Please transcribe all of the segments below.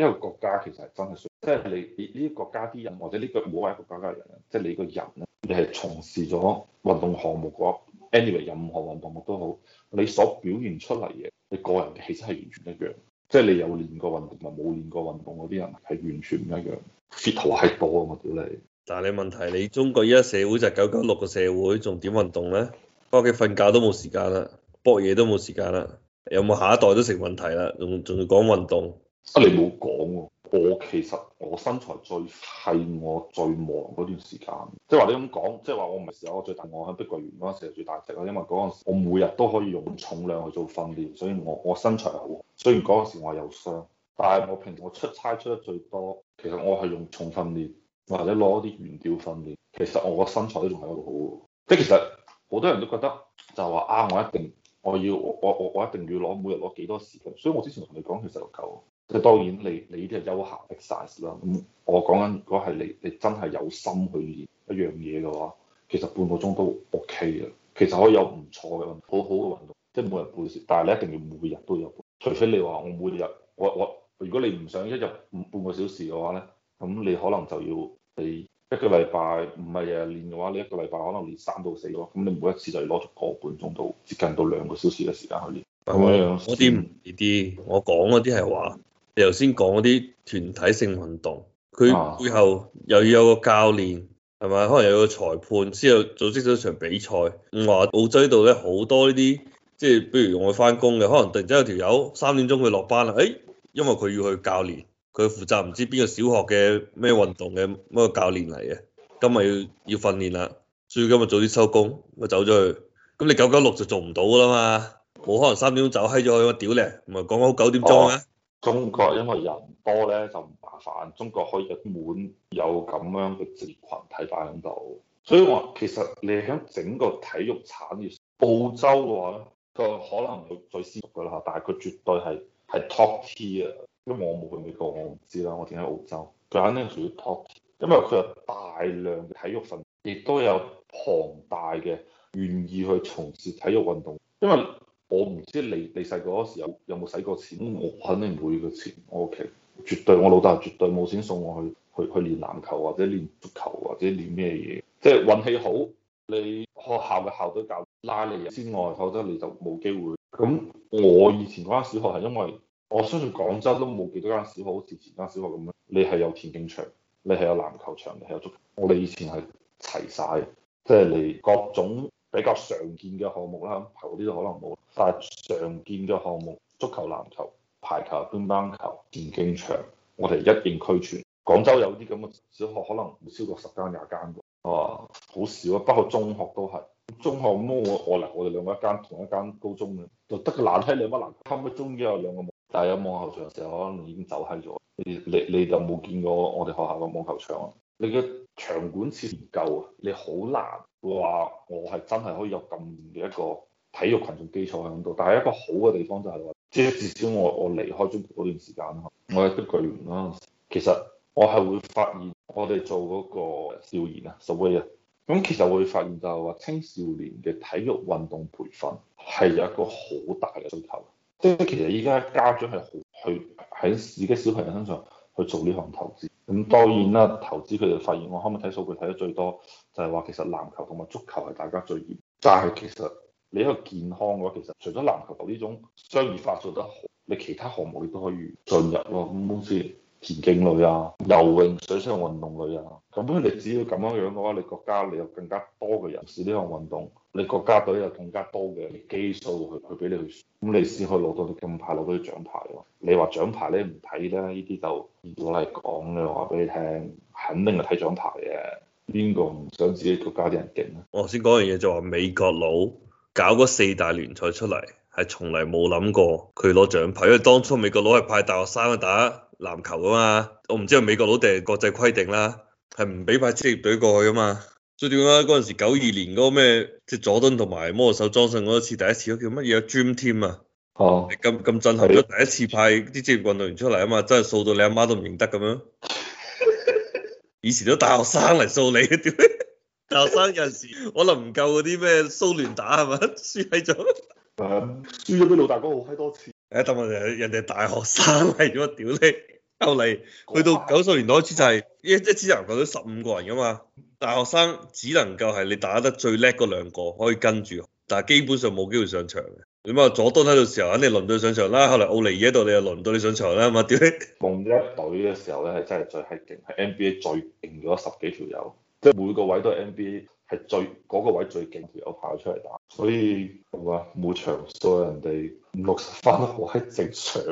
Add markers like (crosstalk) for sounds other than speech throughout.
一個國家其實係真係，即係你呢啲國家啲人，或者呢個冇係一個國家嘅人，即係你個人咧，你係從事咗運動項目嘅話，anyway 任何運動物都好，你所表現出嚟嘅，你個人嘅氣質係完全一樣。即係你有練過運動同埋冇練過運動嗰啲人係完全唔一樣，fit 度係多呀嘛，屌你。但係你問題，你中國依家社會就九九六個社會，仲點運動咧？包括瞓覺都冇時間啦，搏嘢都冇時間啦，有冇下一代都成問題啦，仲仲要講運動。啊！你冇講喎。我其實我身材最係我最忙嗰段時間，即係話你咁講，即係話我唔係時，時，時候我最大，我喺碧桂園嗰陣時係最大隻咯。因為嗰陣時我每日都可以用重量去做訓練，所以我我身材好。雖然嗰陣時我係有傷，但係我平時我出差出得最多，其實我係用重訓練或者攞啲懸吊訓練，其實我個身材都仲係好好嘅。即係其實好多人都覺得就話啊，我一定我要我我我一定要攞每日攞幾多時間，所以我之前同你講其實夠。即當然你，你你呢啲係休閒 exercise 啦。咁我講緊，如果係你你真係有心去練一樣嘢嘅話，其實半個鐘都 O K 嘅。其實可以有唔錯嘅好好嘅運動，即係每日半小時。但係你一定要每日都有，除非你話我每日我我如果你唔想一日半個小時嘅話咧，咁你可能就要你一個禮拜唔係日日練嘅話，你一個禮拜可能練三到四個。咁你每一次就要攞個半鐘到接近到兩個小時嘅時間去練。咁樣我啲唔呢啲，我講嗰啲係話。由先講嗰啲團體性運動，佢背後又要有個教練係咪？可能有個裁判先有組織咗一場比賽。話澳洲呢度咧，好多呢啲，即係比如我翻工嘅，可能突然之間有條友三點鐘佢落班啦。誒、哎，因為佢要去教練，佢負責唔知邊個小學嘅咩運動嘅嗰個教練嚟嘅，今日要要訓練啦，所以今日早啲收工，我走咗去。咁你九九六就做唔到㗎啦嘛？冇可能三點鐘走閪咗去，我屌你，唔係講好九點鐘啊！Oh 中國因為人多咧就唔麻煩，中國可以日滿有咁樣嘅志群體擺喺度，所以話其實你喺整個體育產業，澳洲嘅話咧，佢可能佢最舒服噶啦，但係佢絕對係係 top tier 啊，因為我冇去美國，我唔知啦，我只喺澳洲，佢肯定屬於 top tier，因為佢有大量嘅體育粉，亦都有龐大嘅願意去從事體育運動，因為。我唔知你你細個嗰時候有冇使過錢，我肯定唔會個錢。我屋企絕對我老豆絕對冇錢送我去去去練籃球或者練足球或者練咩嘢。即係運氣好，你學校嘅校隊教拉你之外，我覺得你就冇機會。咁我以前嗰間小學係因為我相信廣州都冇幾多間小學好似前間小學咁樣，你係有田徑場，你係有籃球場，你係有足球，我哋以前係齊晒，即係嚟各種。比較常見嘅項目啦，頭嗰啲都可能冇，但係常見嘅項目，足球、籃球、排球、乒乓球、田徑場，我哋一應俱全。廣州有啲咁嘅小學，可能唔超過十間、廿間嘅，啊，好少啊！包括中學都係，中學咁我我我哋兩個一間同一間高中嘅，就得個籃梯兩蚊籃，差唔多終於有兩個有，但係有網球場嘅時候可能已經走喺咗，你你，你就冇見過我哋學校嘅網球場啊？你嘅？場館設唔夠啊，你好難話我係真係可以有咁嘅一個體育群眾基礎喺度。但係一個好嘅地方就係話，即係至少我我離開中國嗰段時間，我喺不具完啦。其實我係會發現，我哋做嗰個少年啊、社會啊，咁其實會發現就係話，青少年嘅體育運動培訓係有一個好大嘅需求。即係其實依家家長係好去喺自己小朋友身上。去做呢項投資，咁當然啦。投資佢哋發現，我可唔可以睇數據睇得最多，就係話其實籃球同埋足球係大家最熱，但係其實你一個健康嘅話，其實除咗籃球呢種商業化做得好，你其他項目你都可以進入咯。咁好似田徑類啊、游泳、水上運動類啊，咁你只要咁樣樣嘅話，你國家你有更加多嘅人士呢項運動。你國家隊有更加多嘅基數去，佢俾你去輸，咁你先可以攞到啲金牌，攞到啲獎牌咯。你話獎牌你唔睇啦，呢啲就如果係講嘅話俾你聽，肯定係睇獎牌嘅。邊個唔想自己國家啲人勁咧？我頭先講樣嘢就話美國佬搞嗰四大聯賽出嚟，係從來冇諗過佢攞獎牌，因為當初美國佬係派大學生去打籃球噶嘛。我唔知係美國佬定係國際規定啦，係唔俾派職業隊過去噶嘛。最點啊！嗰陣時九二年嗰個咩，即係佐敦同埋魔術手莊遜嗰一次第一次叫乜嘢啊？Dream Team 啊！哦、啊，咁咁震撼咗第一次派啲職業運動員出嚟啊嘛，真係掃到你阿媽都唔認得咁樣。 (laughs) 以前都大學生嚟掃你嘅，大學生有陣時可能唔夠嗰啲咩蘇聯打係嘛，輸喺咗。輸咗俾老大哥好閪多次。誒、哎，但係人哋人哋大學生嚟咗，屌你！後嚟去到九十年代嗰次就係一一支人隊都十五個人噶嘛。大學生只能夠係你打得最叻嗰兩個可以跟住，但係基本上冇機會上場嘅。你話佐敦喺度嘅時候，肯定輪到你上場啦。後來奧尼爾喺度，你又輪唔到你上場啦。嘛，啊，屌你，夢一隊嘅時候咧，係真係最係勁，係 NBA 最勁咗十幾條友，即係每個位都係 NBA 係最嗰、那個位最勁條友跑出嚟打。所以係嘛，冇、啊、場數，所以人哋五六十分都好喺正常。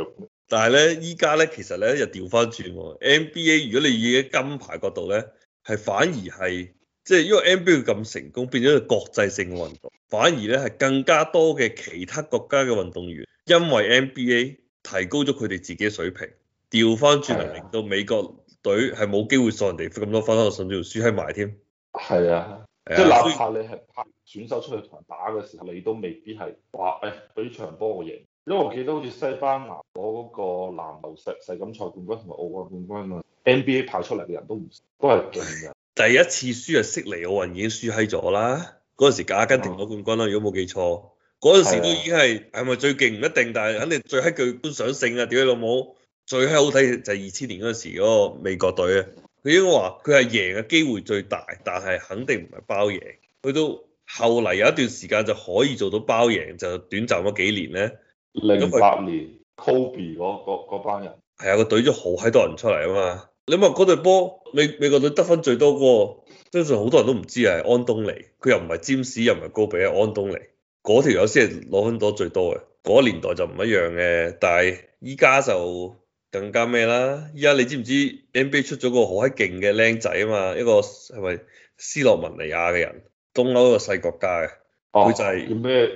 但係咧，依家咧，其實咧又調翻轉，NBA 如果你以金牌角度咧。係反而係，即係因為 NBA 咁成功，變咗個國際性嘅運動，反而咧係更加多嘅其他國家嘅運動員，因為 NBA 提高咗佢哋自己嘅水平，調翻轉嚟令到美國隊係冇機會送人哋咁多分，甚至乎輸喺埋添。係啊，即係哪怕你係派選手出去同人打嘅時候，你都未必係話誒，比場波我贏。因為我記得好似西班牙嗰個籃球世世錦賽冠軍同埋奧運冠軍啊。NBA 跑出嚟嘅人都唔都係勁嘅。第一次輸係悉尼奧運已經輸喺咗啦。嗰陣時阿根廷攞冠軍啦，啊、如果冇記錯，嗰陣時都已經係係咪最勁唔一定，但係肯定最閪具觀賞性啊！屌你老母，最閪好睇就係二千年嗰陣時嗰個美國隊啊！佢已經話佢係贏嘅機會最大，但係肯定唔係包贏。佢都後嚟有一段時間就可以做到包贏，就短暫咗幾年咧。零八年，Kobe 嗰嗰嗰班人係啊，個隊都好閪多人出嚟啊嘛～你話嗰隊波美美國隊得分最多個，相信好多人都唔知係安東尼，佢又唔係詹士，又唔係高比啊，安東尼嗰條友先係攞分多最多嘅。嗰年代就唔一樣嘅，但係依家就更加咩啦，依家你知唔知 NBA 出咗個好閪勁嘅靚仔啊嘛，一個係咪斯洛文尼亞嘅人，東歐一個細國家嘅，佢就係叫咩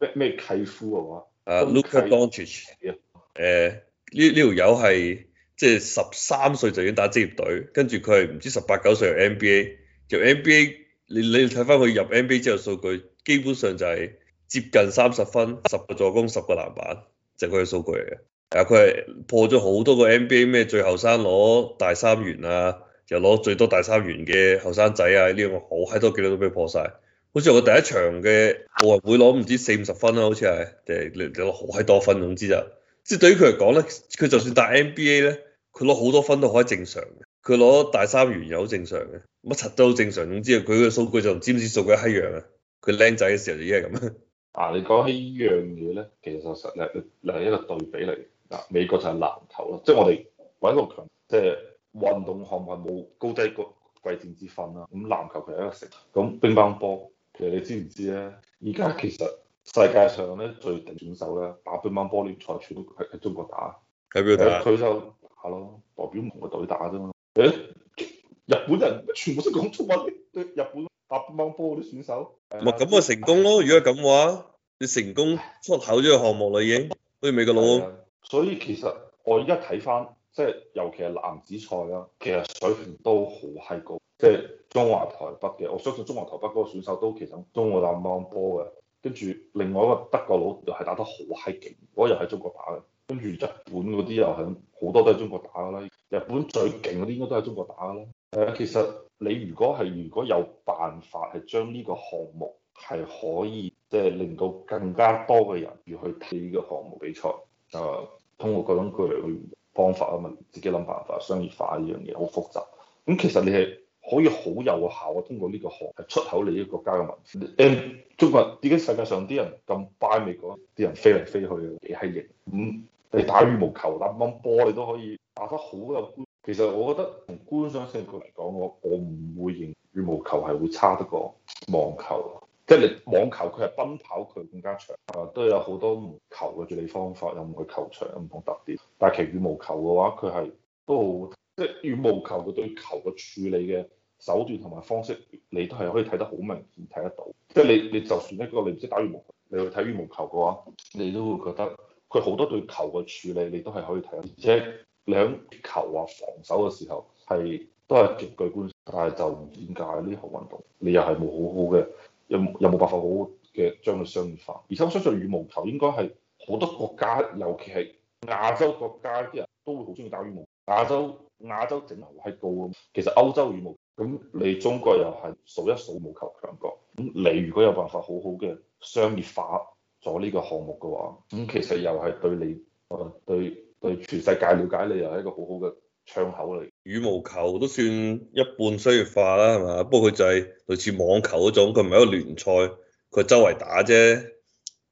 咩咩契夫啊，啊 Luka Doncic，誒，呢呢條友係。.即係十三歲就已經打職業隊，跟住佢係唔知十八九歲就 NBA，就 NBA, 入 NBA，入 NBA 你你睇翻佢入 NBA 之後數據，基本上就係接近三十分，十個助攻，十個籃板，就係佢嘅數據嚟嘅。係啊，佢係破咗好多個 NBA 咩最後生攞大三元啊，又攞最多大三元嘅後生仔啊，呢樣好閪多記錄都俾佢破晒。好似我第一場嘅奧運會攞唔知四五十分啦，啊，好似係，誒，攞好閪多分，總之就即係對於佢嚟講咧，佢就算打 NBA 咧。佢攞好多分都可以正常嘅，佢攞大三元又好正常嘅，乜柒都好正常。總之佢嘅數據就唔知唔知數據一樣啊。佢僆仔嘅時候已就係咁啊。你講起呢樣嘢咧，其實實係係一個對比嚟嗱，美國就係籃球咯，即係我哋揾到強，即係運動項目冇高低高貴貴賤之分啦。咁籃球其實一個食，咁乒乓波，其實你知唔知咧？而家其實世界上咧最頂選手咧打乒乓波聯賽全部喺喺中國打，喺邊度佢就。下咯，Hello, 代表唔同嘅隊打啫嘛。誒，日本人全部都講中文，對日本打乒乓球嗰啲選手。唔係咁啊，成功咯。 (laughs) 如果咁話，你成功出口咗個項目啦已經。對美國佬。所以其實我而家睇翻，即係尤其係男子賽啦，其實水平都好閪高。即係中華台北嘅，我相信中華台北嗰個選手都其實都會打乒乓球嘅。跟住，另外一個德國佬又係打得好閪勁，嗰日喺中國打嘅。跟住日本嗰啲又係，好多都喺中國打噶啦。日本最勁嗰啲應該都喺中國打噶啦。誒，其實你如果係如果有辦法係將呢個項目係可以即係、就是、令到更加多嘅人要去睇呢個項目比賽，誒，通過各種各樣嘅方法啊嘛，自己諗辦法商業化呢樣嘢好複雜。咁其實你係。可以好有效啊！通過呢個行業出口你呢個國家嘅文化。誒，中國點解世界上啲人咁 buy 美國？啲人飛嚟飛去嘅，幾係型。咁、嗯、你打羽毛球、打乒乓波，你都可以打得好有觀。其實我覺得從觀賞性角度嚟講，我我唔會認羽毛球係會差得過網球，即係你網球佢係奔跑，佢更加長啊，都有好多球嘅處理方法，有唔同球場，有唔同特點。但係其實羽毛球嘅話，佢係都好，即係羽毛球佢對球嘅處理嘅。手段同埋方式，你都係可以睇得好明顯睇得到，即係你你就算一個你唔識打羽毛球，你去睇羽毛球嘅話，你都會覺得佢好多對球嘅處理，你都係可以睇。而且你喺球啊防守嘅時候係都係極具觀，但係就唔點解呢項運動你又係冇好好嘅，有有冇辦法好好嘅將佢商業化？而且我相信羽毛球應該係好多國家，尤其係亞洲國家啲人都會好中意打羽毛球。亞洲亞洲整係高啊，其實歐洲羽毛球。咁你中國又係數一數無球強國，咁你如果有辦法好好嘅商業化咗呢個項目嘅話，咁其實又係對你啊對對全世界了解，你又係一個好好嘅窗口嚟。羽毛球都算一半商業化啦，係嘛？不過佢就係類似網球嗰種，佢唔係一個聯賽，佢周圍打啫。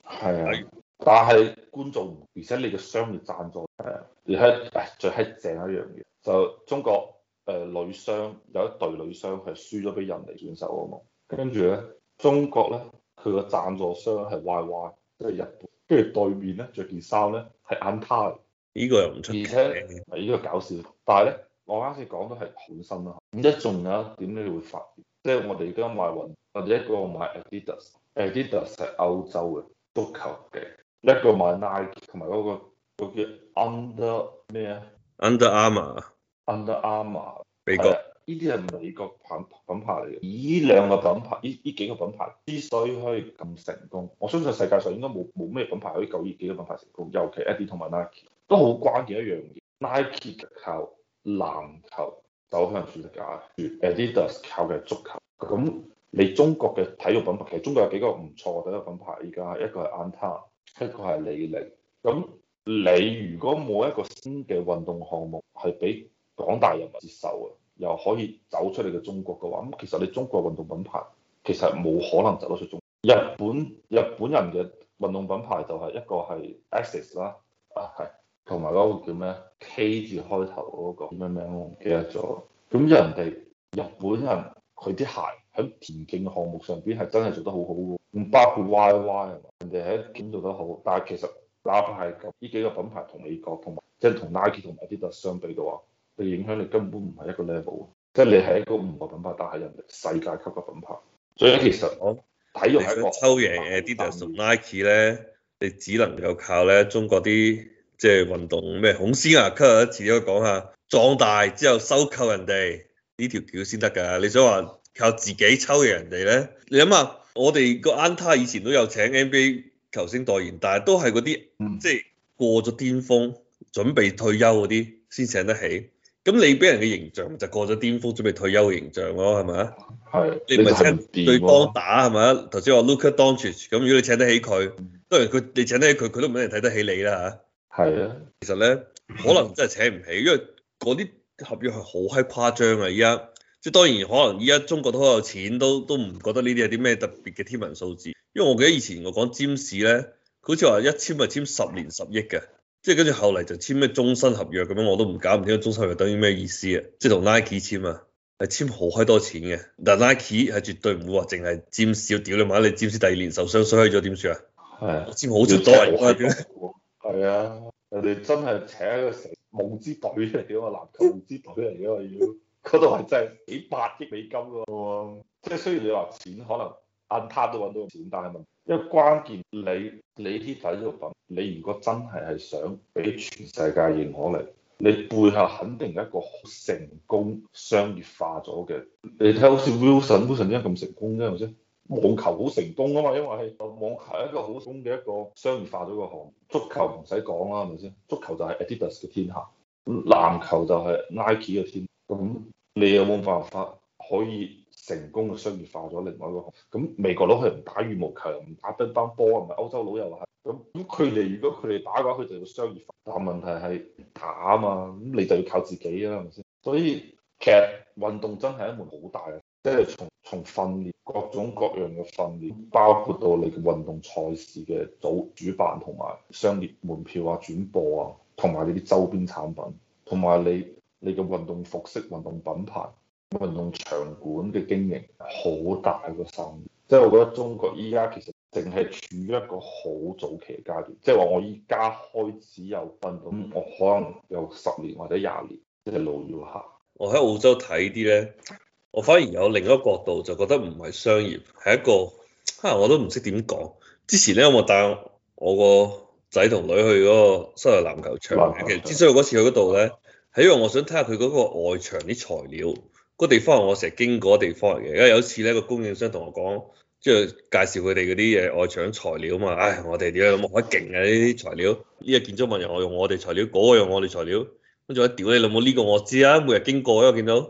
係啊。但係觀眾，而且你嘅商業贊助。係啊。而係最閪正一樣嘢，就中國。誒、呃，女雙有一對女雙係輸咗俾印尼選手啊嘛，跟住咧，中國咧佢個讚助商係 YY，即係日本。跟住對面咧着件衫咧係 Anta 呢個又唔出奇，而且呢、這個搞笑。但係咧，我啱先講都係好新啊。咁一仲有一點咧你會發現，即係我哋而家買運，或者一個買 Adidas，Adidas 係歐洲嘅足球嘅，一個買 Nike 同埋嗰個嗰、嗰個嗰個、叫 Under 咩啊？Under Armour。Under Armour，美國呢啲係美國品品牌嚟嘅，依兩個品牌，呢依幾個品牌之所以可以咁成功，我相信世界上應該冇冇咩品牌可以夠呢幾個品牌成功，尤其 Adidas 同埋 Nike 都好關鍵一樣嘢。Nike 靠籃球走向全世界，Adidas 靠嘅足球。咁你中國嘅體育品牌，其實中國有幾個唔錯嘅體育品牌依家，一個係 Anta，一個係李寧。咁你如果冇一個新嘅運動項目係俾廣大人民接受啊，又可以走出嚟嘅中國嘅話，咁其實你中國運動品牌其實冇可能走得出中國。日本日本人嘅運動品牌就係一個係 Asics 啦，啊係，同埋嗰個叫咩 K 字開頭嗰、嗰個叫咩名我唔記得咗。咁人哋日本人佢啲鞋喺田徑項目上邊係真係做得好好嘅，唔包括 YY 係嘛？人哋係點做得好？但係其實哪怕係呢幾個品牌同美國同埋即係同 Nike 同埋 Adidas 相比嘅話，佢影響力根本唔係一個 level，即係你係一個唔個品牌，但係人哋世界級嘅品牌。所以其實體育喺度抽贏嘅。Adidas Nike 咧，你只能夠靠咧中國啲即係運動咩？孔思亞今日一次講下，壯大之後收購人哋呢條橋先得㗎。你想話靠自己抽贏人哋咧？你諗下，我哋個 ANTA 以前都有請 NBA 球星代言，但係都係嗰啲即係過咗巔峰，準備退休嗰啲先請得起。咁你俾人嘅形象就過咗巔峯，準備退休嘅形象咯，係咪啊？係的。你唔係請對方打係咪啊？頭先話 Luka Doncic，咁如果你請得起佢，當然佢你請得起佢，佢都唔一定睇得起你啦嚇。係啊的，其實咧，可能真係請唔起，因為嗰啲合約係好閪誇張啊！依家即係當然可能依家中國都好有錢，都都唔覺得呢啲係啲咩特別嘅天文數字。因為我記得以前我講占士咧，好似話一簽咪簽十年十億嘅。即係跟住後嚟就簽咩終身合約咁樣，我都唔搞唔清楚終身合約等於咩意思啊！即係同 Nike 簽啊，係簽好閪多錢嘅。但 Nike 係絕對唔會話淨係佔少，屌你萬一你簽咗第二年受傷衰咗點算啊？係。簽好閪多啊！係啊，人哋真係請一個成夢之隊嚟屌啊，籃球夢之隊嚟嘅。嗰度係真係幾百億美金㗎喎，即係雖然你話錢可能安踏都揾到錢，但係問因為關鍵你你啲體育品，你如果真係係想俾全世界認可你，你背後肯定一個好成功商業化咗嘅。你睇好似 Wilson，Wilson 點解咁成功啫？係咪先？網球好成功啊嘛，因為係網球係一個好成功嘅一個商業化咗嘅項目。足球唔使講啦，係咪先？足球就係 Adidas 嘅天下，籃球就係 Nike 嘅天下。咁你有冇辦法可以？成功嘅商業化咗另外一個，咁美國佬佢唔打羽毛球，唔打乒乓波，唔係歐洲佬又係，咁咁佢哋如果佢哋打嘅話，佢就要商業化。但問題係打啊嘛，咁你就要靠自己啦、啊，係咪先？所以其實運動真係一門好大嘅，即係從從訓練各種各樣嘅訓練，包括到你嘅運動賽事嘅組主辦同埋商業門票啊、轉播啊，同埋你啲周邊產品，同埋你你嘅運動服飾、運動品牌。運動場館嘅經營好大個生意，即、就、係、是、我覺得中國依家其實淨係處於一個好早期嘅階段，即係話我依家開始有分到，我可能有十年或者廿年即嘅、就是、路要行。我喺澳洲睇啲咧，我反而有另一個角度就覺得唔係商業，係一個啊，我都唔識點講。之前咧，有有帶我帶我個仔同女去嗰個室內籃球場，球場其實之所以嗰次去嗰度咧，係因為我想睇下佢嗰個外牆啲材料。個地方我成日經過地方嚟嘅。而家有一次咧，個供應商同我講，即係介紹佢哋嗰啲嘢外牆材料啊嘛。唉，我哋點樣咁鬼勁啊？呢啲材料，呢、呢個建築物人又用我哋材料，嗰、嗰個用我哋材料，跟住我屌你老母呢個我知啊，每日經過都見到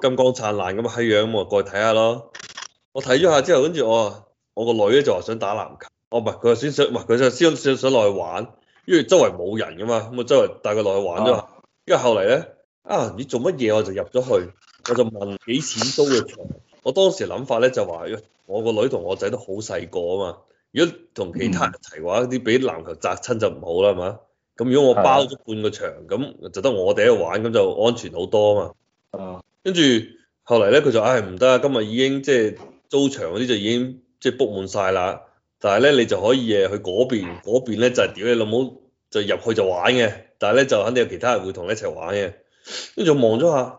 金光燦爛咁嘅閪樣，樣，我過去睇下咯。我睇咗下之後，跟住我我個女咧就話想打籃球，哦唔係，佢話想想唔係，佢就想想想落去玩。Heroin, 因為周圍冇人㗎嘛，咁啊周圍帶佢落去玩咋嘛。因為後嚟咧，啊你做乜嘢我就入咗去。我就問幾錢租嘅場？我當時諗法咧就話，我個女同我仔都好細個啊嘛。如果同其他人一齊嘅話，啲俾、嗯、籃球砸親就唔好啦，係嘛？咁如果我包咗半個場，咁是的 就得我哋一玩，咁就安全好多啊嘛。啊！跟住後嚟咧，佢就唉唔得啊，今日已經即係、就是、租場嗰啲就已經即係 book 滿晒啦。但係咧，你就可以誒去嗰邊，嗰邊咧就係屌你老母，就入、是、去就玩嘅。但係咧，就肯定有其他人會同你一齊玩嘅。跟住我望咗下。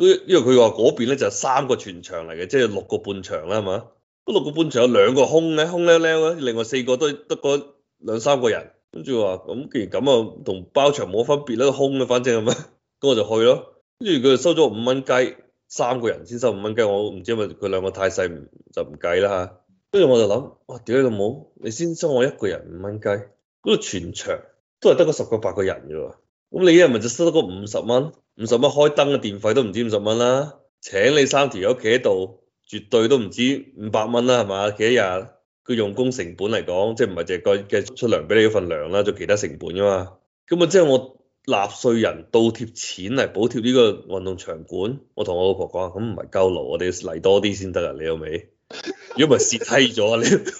因為佢話嗰邊咧就係三個全場嚟嘅，即係六個半場啦，係嘛？六個半場有兩個空咧，空咧咧咧，另外四個都得個兩三個人，跟住話咁，既然咁啊，同包場冇分別啦，空啦，反正咁樣，咁 (laughs) 我就去咯。跟住佢就收咗五蚊雞，三個人先收五蚊雞，我唔知係咪佢兩個太細，就唔計啦嚇。跟住我就諗，哇、啊！屌你老母，你先收我一個人五蚊雞，嗰個全場都係得個十個八個人嘅喎，咁你一日咪就收得個五十蚊？五十蚊開燈嘅電費都唔止五十蚊啦，請你三條友企喺度，絕對都唔止五百蚊啦，係嘛？企一日，佢用工成本嚟講，即係唔係淨係計計出糧俾你份糧啦，就其他成本噶嘛？咁啊，即係我納稅人倒貼錢嚟補貼呢個運動場館，我同我老婆講，咁唔係夠勞，我哋嚟多啲先得啊！你有未？如果唔係蝕底咗你。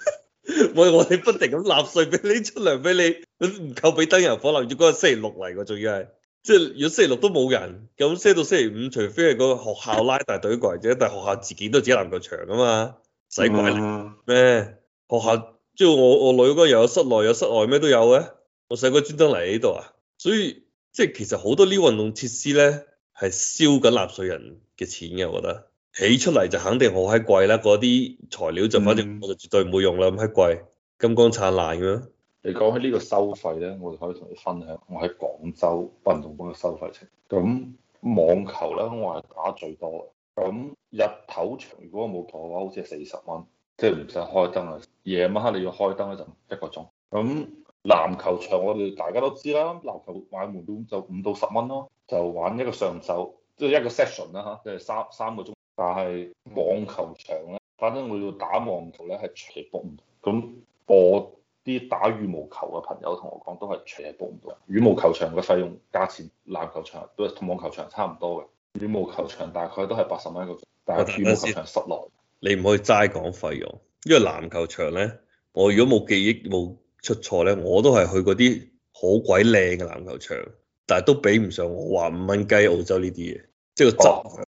喂，我哋不停咁納稅俾你出糧俾你，唔夠俾燈油火蠟，留住嗰個星期六嚟噶，仲要係。即係如果星期六都冇人，咁星期到星期五，除非係個學校拉大隊過嚟啫，但係學校自己都自己籃球場啊嘛，使鬼嚟咩？啊、學校即係我我女嗰、那個、又有室內有室外咩都有嘅，我細個專登嚟呢度啊，所以即係其實好多運呢啲運動設施咧係燒緊納稅人嘅錢嘅，我覺得起出嚟就肯定好閪貴啦，嗰啲材料就反正我就絕對唔會用啦，咁閪貴，金光燦爛咁樣。你講起呢個收費咧，我就可以同你分享我喺廣州運動館嘅收費情況。咁網球咧，我係打最多。咁日頭場如果冇台嘅話，好似係四十蚊，即係唔使開燈啊。夜晚黑你要開燈嗰陣，一個鐘。咁籃球場我哋大家都知啦，籃球買門票就五到十蚊咯，就玩一個上晝，即係一個 session 啦嚇，即係三三個鐘。但係網球場咧，反正我要打網球咧係隨播咁播。啲打羽毛球嘅朋友同我講都係全係報唔到，羽毛球場嘅費用價錢籃球場都係同網球場差唔多嘅，羽毛球場大概都係八十蚊一個，但係羽毛球場室內你唔可以齋講費用，因為籃球場咧，我如果冇記憶冇出錯咧，我都係去嗰啲好鬼靚嘅籃球場，但係都比唔上我話五蚊雞澳洲呢啲嘢，即係個質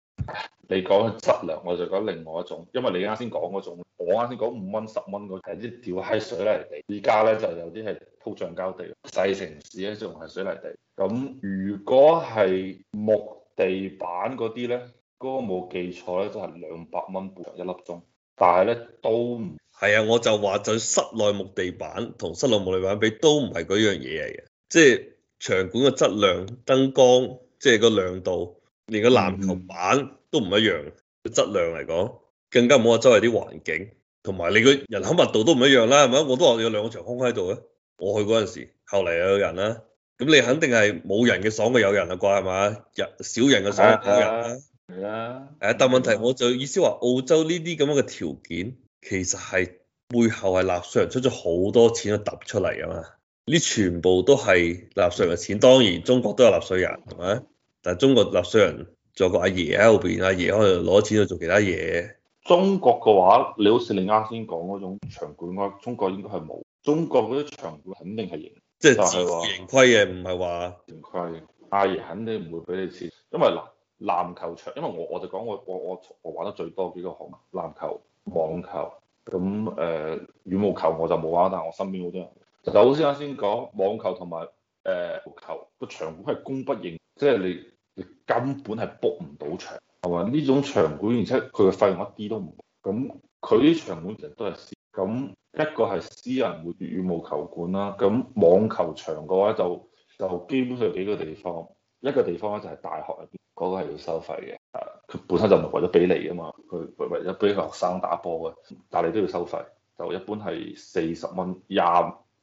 你講質量，我就講另外一種，因為你啱先講嗰種，我啱先講五蚊十蚊嗰啲係啲吊水泥地，而家咧就有啲係鋪橡膠地，細城市咧仲係水泥地。咁如果係木地板嗰啲咧，嗰個冇記錯咧就係兩百蚊半一粒鐘，但係咧都唔係啊！我就話就室內木地板同室內木地板比都唔係嗰樣嘢嚟嘅，即係場館嘅質量、燈光、即係個亮度，連個籃球板。嗯都唔一樣，個質量嚟講更加唔好話周圍啲環境，同埋你個人口密度都唔一樣啦，係咪？我都話有兩個場空喺度啊，我去嗰陣時，後嚟又有人啦。咁你肯定係冇人嘅爽嘅，有人啊啩，係咪啊？少人嘅爽過多人啦，啦、啊。誒、啊，但問題我就是、意思話，澳洲呢啲咁樣嘅條件，其實係背後係納稅人出咗好多錢去揼出嚟啊嘛。呢全部都係納稅人嘅錢，當然中國都有納稅人，係咪？但係中國納稅人。仲有個阿爺喺後邊，阿爺喺度攞錢去做其他嘢。中國嘅話，你好似你啱先講嗰種場館嘅話，中國應該係冇。中國嗰啲場館肯定係盈，即係就係話盈虧嘅，唔係話盈虧。阿爺肯定唔會俾你錢，因為籃籃球場，因為我我就講我我我我玩得最多幾個項目，籃球、網球，咁誒、呃、羽毛球我就冇玩，但係我身邊好多人，就好似啱先講網球同埋誒球個場館係供不應，即係你。根本係 book 唔到場，係嘛？呢種場館，而且佢嘅費用一啲都唔高。咁佢啲場館其實都係私，咁一個係私人會羽毛球館啦。咁網球場嘅話就就基本上幾個地方，一個地方咧就係大學入邊嗰個係要收費嘅，佢本身就唔係為咗俾你啊嘛，佢為咗俾啲學生打波嘅，但你都要收費，就一般係四十蚊廿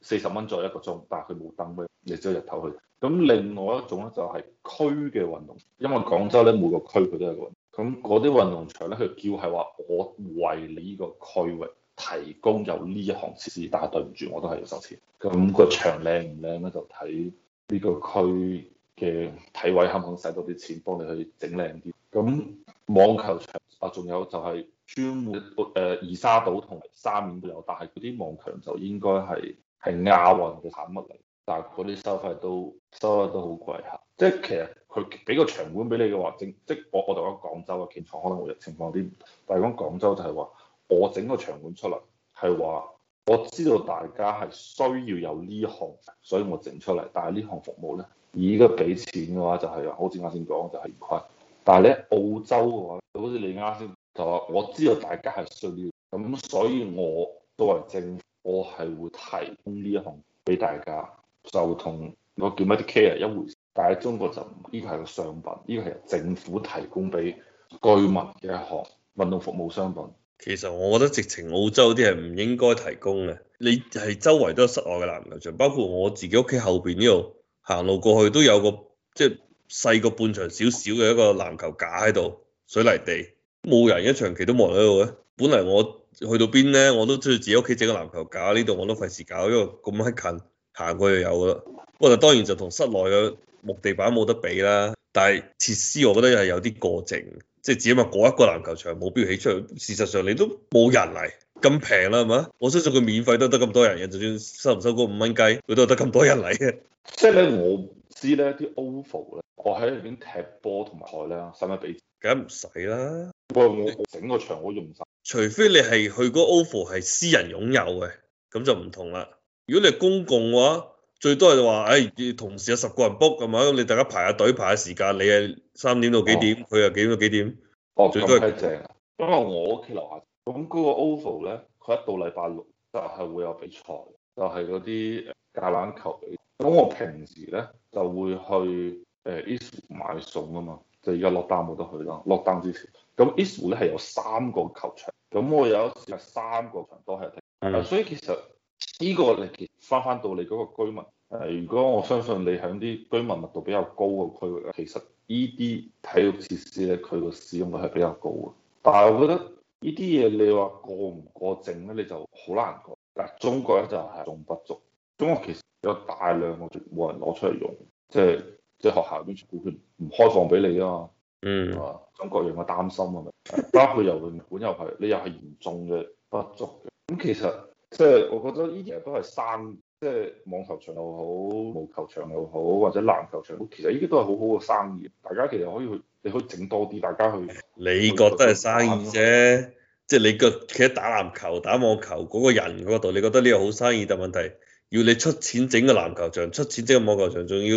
四十蚊左右一個鐘，但係佢冇燈嘅，你只要日頭去。咁另外一種咧就係區嘅運動，因為廣州咧每個區佢都有個，咁嗰啲運動場咧佢叫係話我為呢個區域提供有呢一行設施，但係對唔住我都係要收錢。咁、個場靚唔靚咧就睇呢個區嘅體委肯肯，肯唔肯使多啲錢幫你去整靚啲。咁網球場啊，仲有就係專門誒二沙島同埋沙面都有，但係嗰啲網球就應該係係亞運嘅產物嚟。但嗰啲收費都收費都好貴嚇，即係其實佢俾個場館俾你嘅話，整即我我就講廣州嘅建廠可能會情況啲，但係講廣州就係話我整個場館出嚟係話我知道大家係需要有呢項，所以我整出嚟。但係呢項服務咧，而家俾錢嘅話就係、是、好似啱先講就係虧。但係咧澳洲嘅話，好似你啱先就話我知道大家係需要咁，所以我作為政府，我係會提供呢一項俾大家。就同我叫乜 Medicare 一回事，但係中國就呢個係個商品，呢個係政府提供俾居民嘅一項運動服務商品。其實我覺得直情澳洲啲係唔應該提供嘅，你係周圍都係室外嘅籃球場，包括我自己屋企後邊呢度行路過去都有個即係細個半場少少嘅一個籃球架喺度，水泥地冇人，一長期都冇人喺度嘅。本嚟我去到邊咧，我都中意自己屋企整個籃球架，呢度我都費事搞，因為咁閪近。下過就有啦，不過當然就同室內嘅木地板冇得比啦。但係設施，我覺得又係有啲過剩，即係只係咪嗰一個籃球場冇必要起出去。事實上你都冇人嚟，咁平啦係嘛？我相信佢免費都得咁多人嘅。就算收唔收嗰五蚊雞，佢都得咁多人嚟嘅。即係咧，我唔知咧啲 oval 咧，我喺入邊踢波同埋海咧，使唔使俾？梗係唔使啦，我，我整個場我用晒，除非你係去嗰 oval 係私人擁有嘅，咁就唔同啦。如果你係公共嘅話，最多係話，誒、哎，同時有十個人 book 㗎嘛，你大家排下隊，排下時間，你係三點到幾點，佢又、哦、幾到幾點。哦，哦，最多係正。因為我屋企樓下咁嗰個 Oval 咧，佢一到禮拜六就係會有比賽，就係嗰啲誒橄欖球。咁我平時咧就會去誒 East 買餸啊嘛，就而家落單冇得去啦，落單之前。咁 East 咧係有三個球場，咁我有時三個場都喺度踢。所以其實。依個你翻翻到你嗰個居民誒，如果我相信你喺啲居民密度比較高嘅區域咧，其實呢啲體育設施咧，佢個使用率係比較高嘅。但係我覺得過過呢啲嘢你話過唔過剩咧，你就好難講。嗱，中國咧就係仲不足。中國其實有大量我冇人攞出嚟用，即係即係學校入邊完全唔開放俾你啊嘛。嗯。啊，中國人嘅擔心啊嘛，包括游泳館又係，你又係嚴重嘅不足嘅。咁其實。即係我覺得呢啲都係生，即係網球場又好，羽毛球場又好，或者籃球場，其實呢啲都係好好嘅生意。大家其實可以去，你可以整多啲，大家去。你覺得係生意啫，即係你個，企喺打籃球、打網球嗰個人嗰度，你覺得呢個好生意，但問題要你出錢整個籃球場，出錢整個網球場，仲要去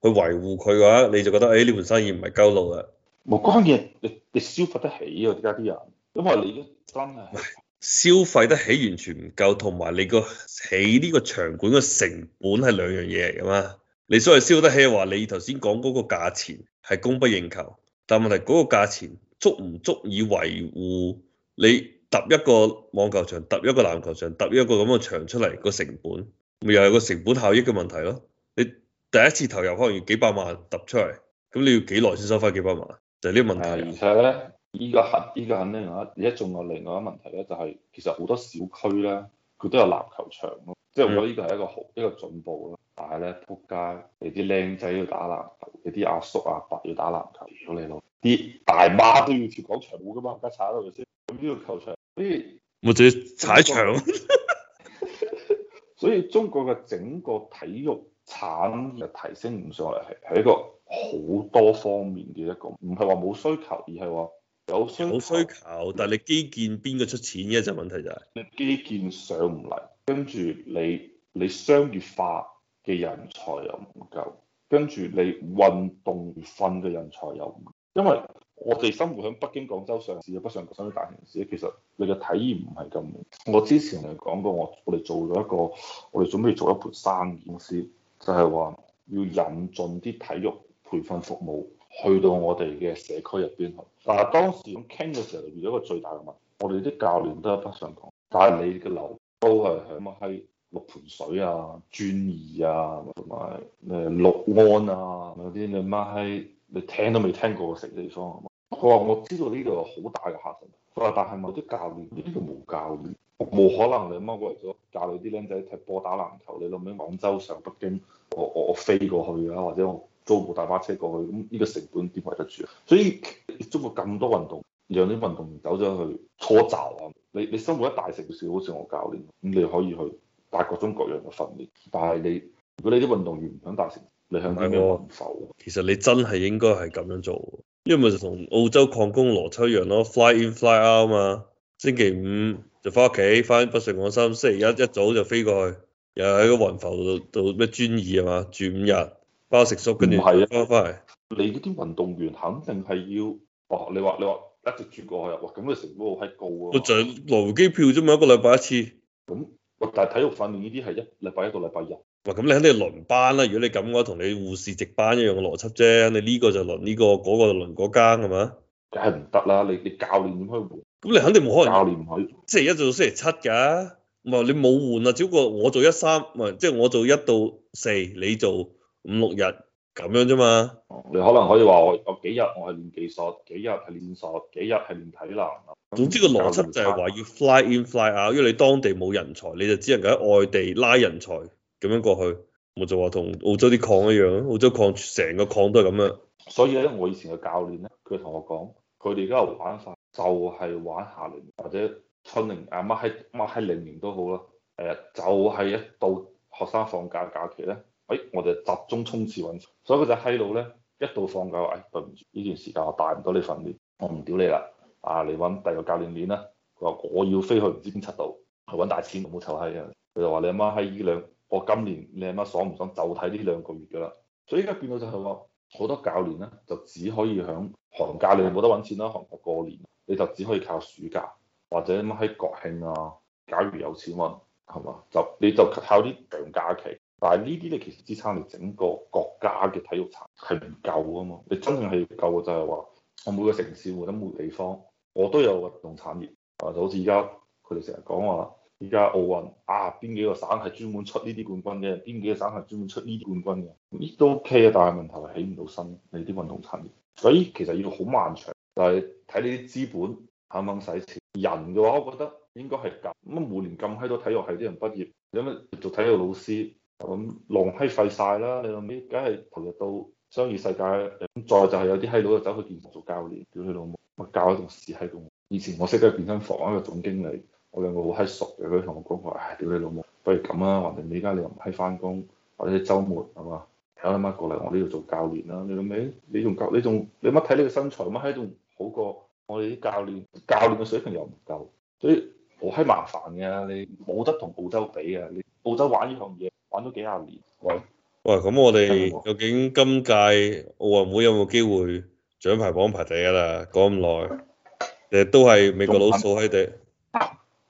維護佢嘅話，你就覺得誒呢盤生意唔係鳩路啊。冇關鍵係你你消費得起啊，而家啲人，因為你真係。 (laughs) 消費得起完全唔夠，同埋你個起呢個場館嘅成本係兩樣嘢嚟噶嘛？你所謂消得起話，你頭先講嗰個價錢係供不應求，但係問題嗰個價錢足唔足以維護你揼一個網球場、揼一個籃球場、揼一個咁嘅場出嚟個成本，咪又係個成本效益嘅問題咯？你第一次投入可能要幾百萬揼出嚟，咁你要幾耐先收翻幾百萬？就呢個問題。而家呢。依個肯依個肯定啊！而家仲有另外一個問題咧，就係、是、其實好多小區咧，佢都有籃球場咯，即係我覺得呢個係一個好、嗯、一個進步咯。但係咧撲街，你啲靚仔要打籃球，你啲阿叔阿伯、伯要打籃球，如果你老，啲大媽都要跳廣場舞噶嘛，梗踩啦，係咪先？咁呢個球場，所以我仲要踩場國， (laughs) 所以中國嘅整個體育產業提升唔上嚟，係係一個好多方面嘅一個，唔係話冇需求，而係話。有需求，但係你基建邊個出錢嘅，隻問題就係，你基建上唔嚟，跟住你你商業化嘅人才又唔夠，跟住你運動訓嘅人才又，唔夠，因為我哋生活喺北京、廣州上市啊，不像嗰啲大城市，其實你嘅體驗唔係咁。我之前嚟講過，我我哋做咗一個，我哋準備做一盤生意先，就係、是、話要引進啲體育培訓服務。去到我哋嘅社區入邊去，但係當時咁傾嘅時候，就遇到一個最大嘅問題，我哋啲教練都喺北上講，但係你嘅樓都係乜喺六盤水啊、遵義啊，同埋咩六安啊，有啲你乜喺你聽都未聽過嘅地方。佢話我知道呢度有好大嘅客群，佢話但係某啲教練呢度冇教練，冇可能你媽過嚟咗教你啲僆仔踢波打籃球，你老味廣州上北京，我我，我飛過去啊，或者我。租部大巴車過去，咁呢個成本點維得住啊？所以中國咁多運動，讓啲運動員走咗去搓雜啊！你你生活喺大城市，好似我教練咁，你可以去帶各種各樣嘅訓練。但係你如果你啲運動員唔響大城市，你響個咩雲浮？其實你真係應該係咁樣做，因為就同澳洲礦工羅秋陽咯，fly in fly out 嘛。星期五就翻屋企，翻北上廣深，星期一一早就飛過去，又喺個雲浮度做咩專二啊嘛，住五日。包食宿，跟住唔係啊，翻翻嚟，你啲運動員肯定係要，哦，你話你話一直轉過去啊，哇，咁你成本好閪高啊，我就來回機票啫嘛，一個禮拜一次，咁，我但係體育訓練呢啲係一禮拜一到禮拜日，哇、啊，咁、嗯、你肯定輪班啦、啊，如果你咁嘅話，同你護士值班一樣嘅邏輯啫，你呢個就輪呢、這個，嗰、那個就輪嗰間，係咪？梗係唔得啦，你你教練點開換？咁你肯定冇可能，教練唔去，星期一做到星期七㗎，唔係你冇換啊，只不過我做一三，唔係即係我做一到四，你做。五六日咁樣啫嘛、嗯，你可能可以話我我幾日我係練技術，幾日係練術，幾日係練體能，嗯、總之個邏輯就係話要 fly in fly out，因為你當地冇人才，你就只能夠喺外地拉人才咁樣過去，我就話同澳洲啲礦一樣，澳洲礦成個礦都係咁樣。所以咧，我以前嘅教練咧，佢同我講，佢哋而家嘅玩法就係玩夏令或者春令啊，乜喺乜係零年都好啦，係、啊、就係、是、一到學生放假假期咧。誒、哎，我哋集中衝刺揾，所以佢就閪佬咧，一到放假話，誒、哎，對唔住，呢段時間我帶唔到你訓練，我唔屌你啦，啊，你揾第二個教練練啦。佢話我要飛去唔知邊七度，去揾大錢，唔好臭閪啊。佢就話你阿媽喺呢兩，我今年你阿媽爽唔爽就睇呢兩個月㗎啦。所以依家變到就係話，好多教練咧就只可以響寒假你冇得揾錢啦，寒假過年你就只可以靠暑假或者乜閪國慶啊。假如有錢揾係嘛，就你就靠啲長假期。但係呢啲咧，其實支撐你整個國家嘅體育產業係唔夠啊嘛！你真正係夠嘅就係話，我每個城市或者每地方，我都有運動產業啊！就好似而家佢哋成日講話，而家奧運啊，邊幾個省係專門出呢啲冠軍嘅？邊幾個省係專門出呢啲冠軍嘅？呢都 OK 啊，但係問題係起唔到身，你啲運動產業，所以其實要好漫長，但係睇你啲資本肯唔肯使錢。人嘅話，我覺得應該係咁啊！每年咁閪多體育系啲人畢業，有咩做體育老師？咁浪閪費曬啦！你諗啲，梗係平日到商業世界咁，再就係有啲閪佬又走去健身房做教練，屌你老母！教一仲事閪過。以前我識嘅健身房一個總經理，我兩個好閪熟嘅，佢同我講話，唉、哎，屌你老母，不如咁啊，橫掂你而家你又唔閪翻工，或者週末係嘛，屌你媽過嚟我呢度做教練啦！你諗啲，你仲教你仲你乜睇你嘅身材，乜閪仲好過我哋啲教練？教練嘅水平又唔夠，所以好閪麻煩嘅，你冇得同澳洲比嘅，你澳洲玩呢樣嘢。玩咗幾廿年，喂，哇！咁我哋究竟今屆奧運會有冇機會獎牌榜排第一啦？講咁耐，誒都係美國佬數喺頂文，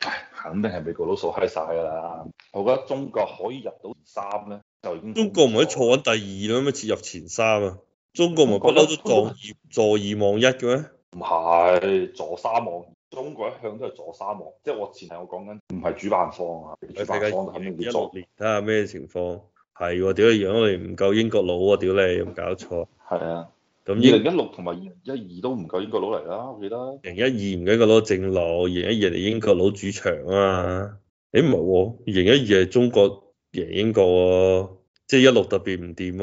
肯定係美國佬數喺晒㗎啦。我覺得中國可以入到三咧，就已經中國唔係坐緊第二咯咩？切入前三啊！中國唔係不嬲都坐二坐二望一嘅咩？唔係坐三望。中國一向都係左三望，即係我前係我講緊唔係主辦方啊，睇下咩情況，係，屌你，樣你唔夠英國佬啊，屌你，有冇搞錯？係啊，咁二零一六同埋二零一二都唔夠英國佬嚟啦，我記得。二零一二唔夠英國佬正路，二零一二嚟英國佬主場啊？誒唔係，二零、啊、一二係中國贏英國、啊，即係一六特別唔掂。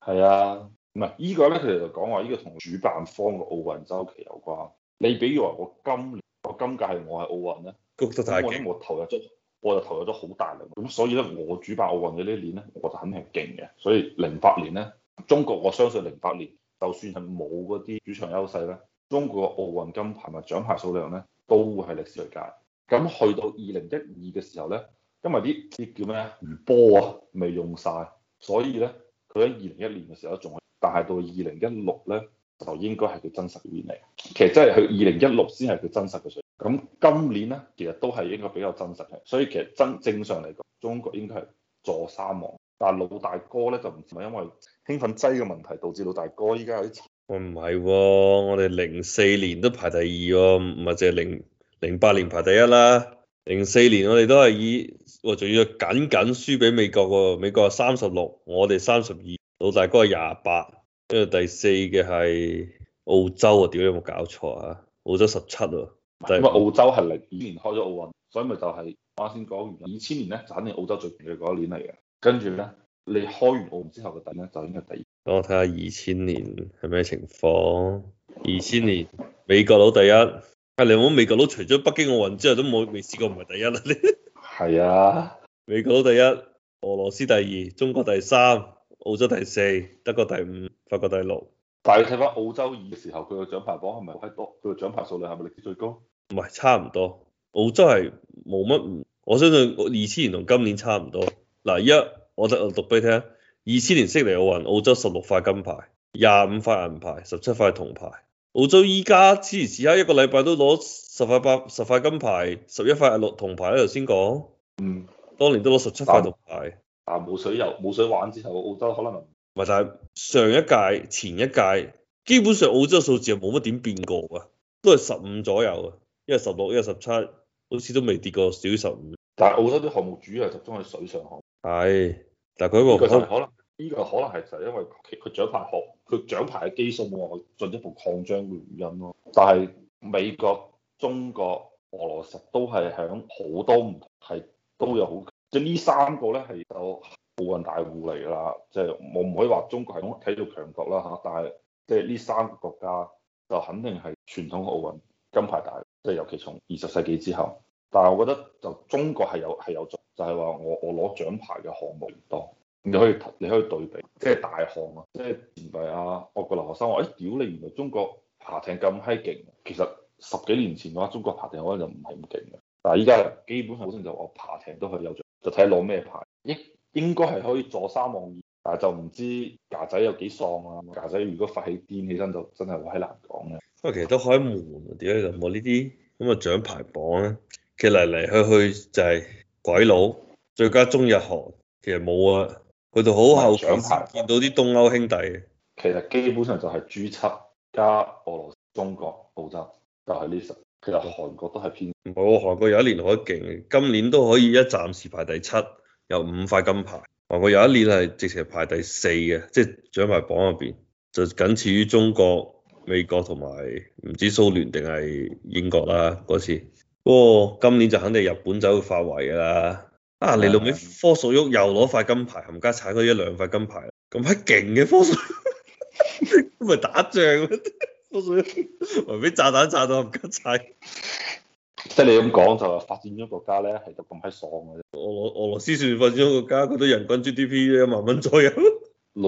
係啊，唔係、呢個、呢剛才剛才、呢個咧，其實就講話呢個同主辦方個奧運周期有關。你比如話我今年今屆我係奧運咧，我覺得我，我投入咗，我就投入咗好大力，咁所以咧我主辦奧運嘅呢一年咧，我覺得肯定係勁嘅，所以零八年咧，中國我相信零八年就算係冇嗰啲主場優勢咧，中國奧運金牌同獎牌數量咧，都會係歷史最佳。咁去到二零一二嘅時候咧，因為啲啲叫咩啊餘波啊未用晒，所以咧佢喺二零一年嘅時候仲係，但係到二零一六咧。就應該係佢真實嘅面嚟，其實真係佢二零一六先係佢真實嘅水平。咁今年咧，其實都係應該比較真實嘅。所以其實真正常嚟講，中國應該係坐三望，但係老大哥咧就唔係因為興奮劑嘅問題導致老大哥依家有啲、哦。我唔係，我哋零四年都排第二、哦，唔係淨係零零八年排第一啦。零四年我哋都係以，哇、哦，仲要僅僅輸俾美國、哦，美國係三十六，我哋三十二，老大哥係廿八。因為第四嘅係澳洲啊，屌有冇搞錯啊？澳洲十七啊，是四澳洲係零幾年開咗奧運，所以咪就係啱先講完。二千年呢就肯、是、定澳洲最勁嘅嗰一年嚟嘅。跟住呢，你開完奧運之後嘅第一就已經係第二。等我睇下二千年係咩情況。二千年美國佬第一，阿你我美國佬除咗北京奧運之後都冇未試過唔係第一啦。係啊， (laughs) 美國佬第一，俄羅斯第二，中國第三。澳洲第四，德國第五，法國第六。但係睇翻澳洲二嘅時候，佢個獎牌榜係咪好多？佢個獎牌數量係咪歷史最高？唔係，差唔多。澳洲係冇乜，我相信二千年同今年差唔多。嗱，一，我得我讀俾你聽。二千年悉尼奧運，澳洲十六塊金牌，廿五塊銀牌，十七塊銅牌。澳洲依家此時此刻一個禮拜都攞十塊八十塊金牌，十一塊六銅牌喺度先講。嗯。當年都攞十七塊銅牌。嗯嗯啊！冇水游冇水玩之後，澳洲可能唔咪，就係上一屆前一屆基本上澳洲數字又冇乜點變過㗎，都係十五左右啊，一係十六一係十七，好似都未跌過少於十五。但係澳洲啲項目主要係集中喺水上項。係，但係佢嗰個可能呢個可能係就係因為佢獎牌項佢獎牌嘅基礎冇話進一步擴張嘅原因咯、啊。但係美國、中國、俄羅斯都係響好多唔係都有好。呢三個咧係有奧運大戶嚟㗎啦，即係我唔可以話中國係咁睇到強國啦嚇，但係即係呢三個國家就肯定係傳統奧運金牌大，即係尤其從二十世紀之後。但係我覺得就中國係有係有獎，就係話我我攞獎牌嘅項目唔多，你可以你可以對比，即係大項啊，即係前排啊，我國留學生話，誒屌你原來中國爬艇咁閪勁，其實十幾年前嘅話，中國爬艇可能就唔係咁勁嘅，但係依家基本上好似就我爬艇都可以有獎。就睇攞咩牌，應應該係可以坐三望二，但係就唔知牙仔有幾喪啊！牙仔如果發起癲起身就真係好閪難講。不過其實都開門，點解就冇呢啲咁嘅獎牌榜咧？其實嚟嚟去去就係鬼佬最佳中日韓，其實冇啊。佢就好後獎牌。見到啲東歐兄弟，其實基本上就係 G 七加俄羅斯、中國、澳洲，就係、是、呢十。其實韓國都係偏，唔係韓國有一年好勁，今年都可以一暫時排第七，有五塊金牌。韓國有一年係直情排第四嘅，即係獎牌榜入邊就僅次於中國、美國同埋唔知蘇聯定係英國啦嗰次。不過今年就肯定日本就要發圍㗎啦。啊，你到尾科索沃又攞塊金牌，冚家鏟咗一兩塊金牌，咁閪勁嘅科索，唔係打仗。我所以，除非 (laughs) 炸彈炸到唔得齊，即係你咁講就話發展中國家咧係都咁閪爽嘅。俄羅俄羅斯算發展中國家，佢都人均 GDP 一萬蚊左右老。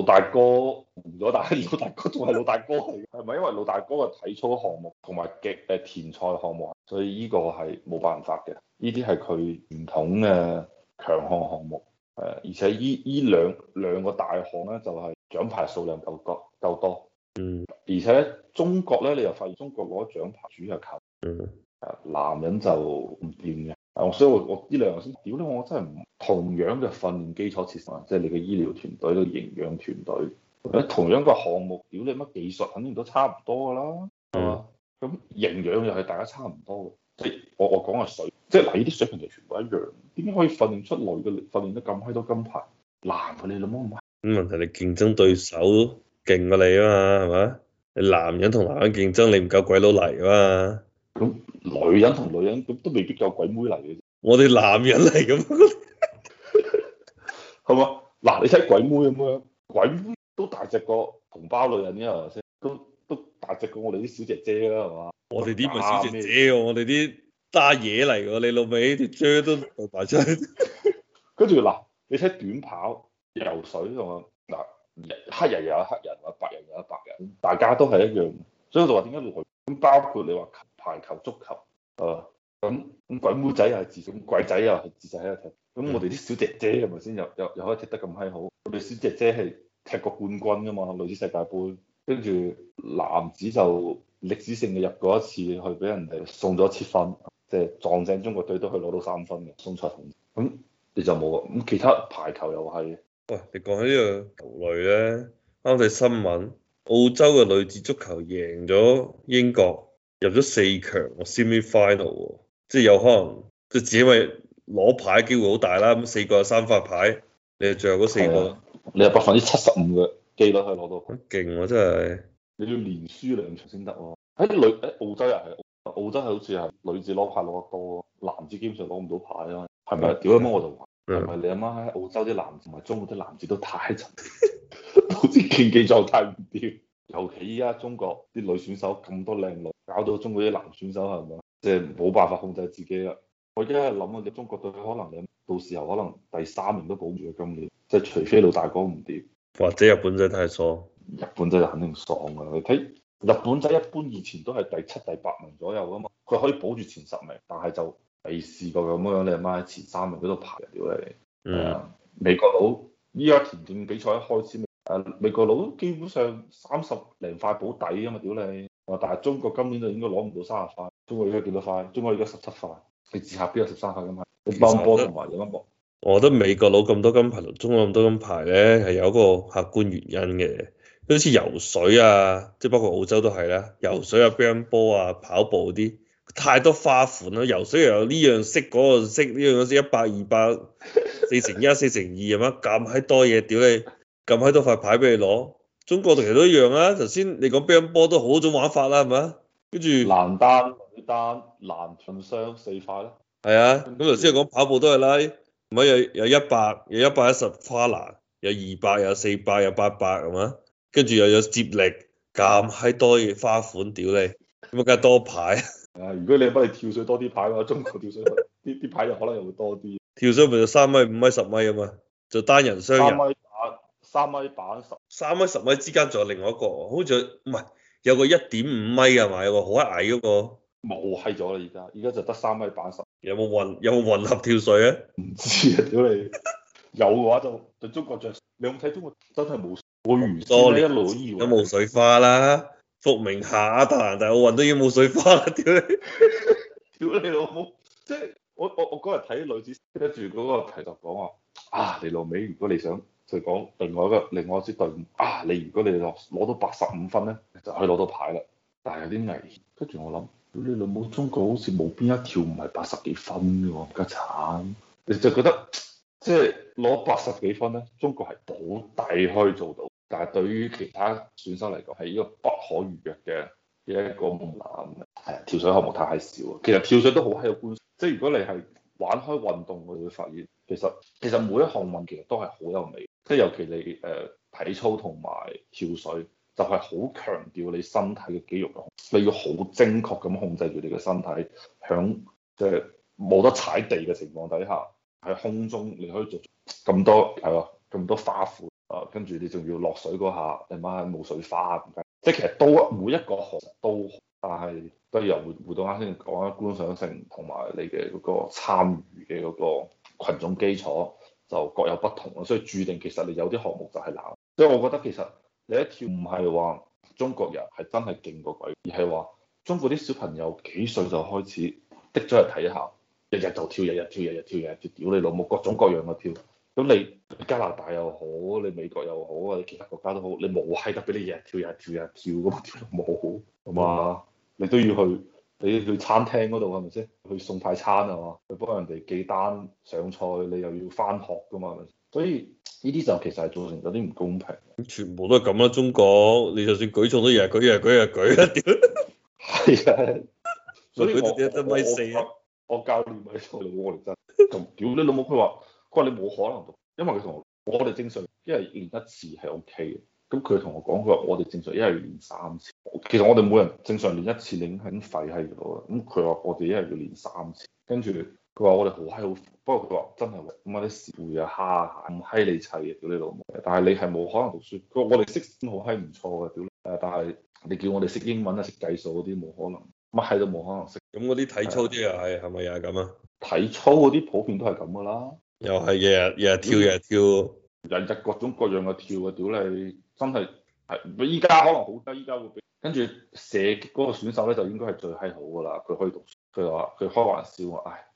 老大哥唔咗，但老大哥仲係老大哥嚟。係咪 (laughs) 因為老大哥嘅體操項目同埋極誒田賽項目，所以呢個係冇辦法嘅？呢啲係佢唔同嘅強項項目誒，而且呢呢兩兩個大項咧就係、是、獎牌數量夠多夠多。嗯，而且中國咧，你又發現中國攞獎牌主要靠，嗯、男人就唔掂嘅，所以我我呢兩個先，屌你我真係唔同樣嘅訓練基礎設施即係、就是、你嘅醫療團隊、嘅營養團隊，嗯、同樣嘅項目，屌你乜技術肯定都差唔多㗎啦，係嘛、嗯，咁營養又係大家差唔多嘅，即、就、係、是、我我講嘅水，即係嗱呢啲水平就全部一樣，點解可以訓練出來嘅訓練得咁閪多金牌？難啊！你諗唔？咁問題你競爭對手。勁過你啊嘛，係嘛？你男人同男人競爭，你唔夠鬼佬嚟啊嘛。咁女人同女人都未必夠鬼妹嚟嘅。我哋男人嚟咁， (laughs) 係嘛？嗱，你睇鬼妹咁樣，鬼妹都大隻過同胞女人嘅，都都大隻過我哋啲小姐姐啦，係嘛？我哋啲唔係小姐姐、啊我，我哋啲揸嘢嚟噶，你老味啲蕉都大隻。跟住嗱，你睇短跑、游水同。黑人又有黑人，話白人又有白人，大家都係一樣，所以我就話點解會咁？包括你話排球、足球，啊咁咁鬼妹仔又係自細，鬼仔又係自細喺度踢，咁我哋啲小姐姐係咪先？又又又可以踢得咁閪好？我哋小姐姐係踢過冠軍㗎嘛，女子世界杯，跟住男子就歷史性嘅入過一次，去俾人哋送咗一積分，即係撞正中國隊都去攞到三分嘅，送策同咁你就冇咁，其他排球又係。喂，你講起呢個球類咧，啱睇新聞，澳洲嘅女子足球贏咗英國，入咗四強我 semi final 喎，即係有可能即係只因為攞牌嘅機會好大啦，咁四個有三塊牌，你係最後嗰四個，啊、你有百分之七十五嘅機率可以攞到，好勁喎真係、啊，真你要連輸兩場先得喎。誒女澳洲又係，澳洲係好似係女子攞牌攞得多，男子基本上攞唔到牌啊嘛，係咪？屌你媽我就話。係咪你阿媽，喺澳洲啲男同埋中國啲男子都太沉，好似 (laughs) 競技狀態唔掂？尤其依家中國啲女選手咁多靚女，搞到中國啲男選手係咪？即係冇辦法控制自己啦。我依家諗啊，啲中國隊可能你到時候可能第三名都保住啊，今年即係除非老大哥唔掂，或者日本仔太爽。日本仔就肯定爽噶啦。睇日本仔一般以前都係第七、第八名左右噶嘛，佢可以保住前十名，但係就～未試過咁樣，你阿媽喺前三名嗰度排，屌你！係、嗯、美國佬依家田徑比賽一開始，啊，美國佬基本上三十零塊保底啊嘛，屌你！但係中國今年就應該攞唔到三十塊，中國依家幾多塊？中國依家十七塊，你自下邊有十三塊噶嘛？波同埋金博。有一我覺得美國佬咁多金牌同中國咁多金牌咧，係有一個客觀原因嘅，好似游水啊，即係包括澳洲都係啦，游水啊、棒波、嗯、啊、跑步嗰、啊、啲。太多花款啦！游水又有呢樣式嗰個式呢樣式一百二百四乘一四乘二咁閪多嘢，屌你咁閪多塊牌俾你攞。中國其實都一樣啊！頭先你講乒乓波都好多種玩法啦，係咪啊？跟住男單、女單、男雙、四塊咧。係啊，咁頭先又講跑步都係啦，唔係有有一百、有一百一十花欄，有二百、有四百、有八百，係咪啊？跟住又有接力，咁閪多嘢花款，屌你咁梗係多牌。誒，如果你幫你跳水多啲牌嘅話，中國跳水啲啲牌又可能又會多啲。 (laughs) 跳水咪就三米、五米、十米啊嘛，就單人，人、雙人。三米板，三米板十米。三米十米之間仲有另外一個，好似唔係有個一點五米係咪？有個好矮嗰個。冇閪咗啦，而家而家就得三米板十米有有。有冇混有冇混合跳水啊？唔知啊，屌你！有嘅話就對中國着，你有冇睇中國真係冇冇魚多，有冇水花啦。年復明下、啊，但係奧運都已經冇水花，屌 (laughs) 你 (laughs) ，屌你老母！即係我我我嗰日睇女子得住嗰個題目講話，啊，你老味，如果你想再講另外一個另外一支隊伍，啊，你如果你攞攞到八十五分咧，就可以攞到牌啦。但係有啲危險。跟住我諗，你老母中國好似冇邊一條唔係八十幾分嘅喎，唔得慘。你就覺得即係攞八十幾分咧，中國係保底可以做到。但係對於其他選手嚟講，係一個不可逾約嘅嘅一個門檻。係啊，跳水項目太少。其實跳水都好係有觀，即係如果你係玩開運動，我會發現其實其實每一項運其實都係好有味。即係尤其你誒體操同埋跳水，就係、是、好強調你身體嘅肌肉，你要好精確咁控制住你嘅身體，響即係冇得踩地嘅情況底下，喺空中，你可以做咁多係啊，咁多花款。啊，跟住你仲要落水嗰下，你晚冇水花啊！即係其實都每一個項目都，但係都要由回回到啱先講嘅觀賞性，同埋你嘅嗰個參與嘅嗰個羣眾基礎就各有不同咯。所以注定其實你有啲項目就係難。所以我覺得其實你一跳唔係話中國人係真係勁過鬼，而係話中國啲小朋友幾歲就開始滴咗嚟睇下，日日就跳，日日跳，日日跳，日日跳，屌你老母，各種各樣嘅跳。咁你加拿大又好，你美國又好，或者其他國家都好，你無閪得俾你日跳日跳日跳咁跳都冇，好嘛？你都要去，你要去餐廳嗰度係咪先？去送快餐係嘛？去幫人哋寄單上菜，你又要翻學㗎嘛？係咪？所以呢啲就其實係造成咗啲唔公平。全部都係咁啦，中國你就算舉重都日舉日舉日舉，屌！係啊，所以我我教練咪衰我哋真，屌你老母佢話。佢話你冇可能讀，因為佢同我我哋正常一日練一次係 O K 嘅。咁佢同我講，佢話我哋正常一日要練三次。其實我哋每人正常練一次，你已經咁廢喺度啦。咁佢話我哋一日要練三次，跟住佢話我哋好閪好，不過佢話真係咁啲師傅啊，蝦咁閪你砌嘅，屌你老母！但係你係冇可能讀書。佢話我哋識好閪唔錯嘅，屌你，但係你叫我哋識英文啊、識計數嗰啲，冇可能。乜係都冇可能識。咁嗰啲體操啲又係係咪又係咁啊？體操嗰啲普遍都係咁噶啦。又係日日日跳日跳，日日、哦、各種各樣嘅跳啊！屌你，真係係，依家可能好低，依家會俾，跟住射擊嗰個選手咧就應該係最閪好噶啦，佢可以讀，佢話佢開玩笑，唉，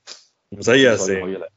唔使日日試，可以嚟，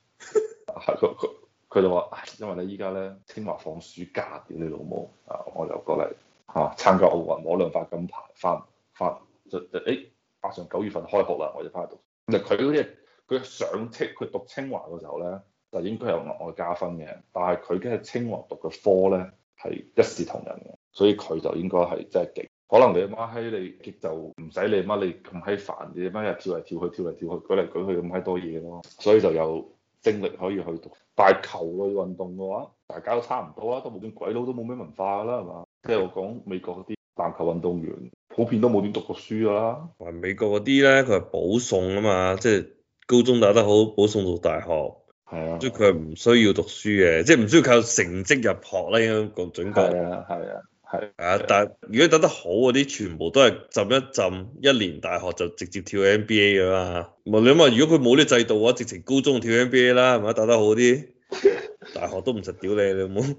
佢佢佢就話，唉，因為你依家咧清華放暑假，屌你老母就啊！我又過嚟啊參加奧運攞兩塊金牌翻翻，就就誒，八、欸、上九月份開學啦，我就翻去讀。其佢啲，佢上清，佢讀，讀清華嘅時候咧，就應該有額外加分嘅，但係佢嘅清華讀嘅科咧係一視同仁嘅，所以佢就應該係真係勁。可能你阿媽喺你，你就唔使你阿媽你咁閪煩，你阿媽又跳嚟跳去，跳嚟跳去，舉嚟舉去咁閪多嘢咯，所以就有精力可以去讀。但係球類運動嘅話，大家都差唔多啊，都冇點鬼佬都冇咩文化啦，係嘛？即係我講美國嗰啲籃球運動員，普遍都冇點讀過書㗎啦。嗱美國嗰啲咧，佢係保送啊嘛，即係高中打得好，保送到大學。係啊，即係佢係唔需要讀書嘅，即係唔需要靠成績入學啦，應該講準確。係啊，係啊，係啊。但係如果打得好，嗰啲全部都係浸一浸，一年大學就直接跳 NBA 噶啦。唔係你諗下，如果佢冇呢制度嘅話，直情高中跳 NBA 啦，係咪打得好啲， (laughs) 大學都唔實屌你，你冇。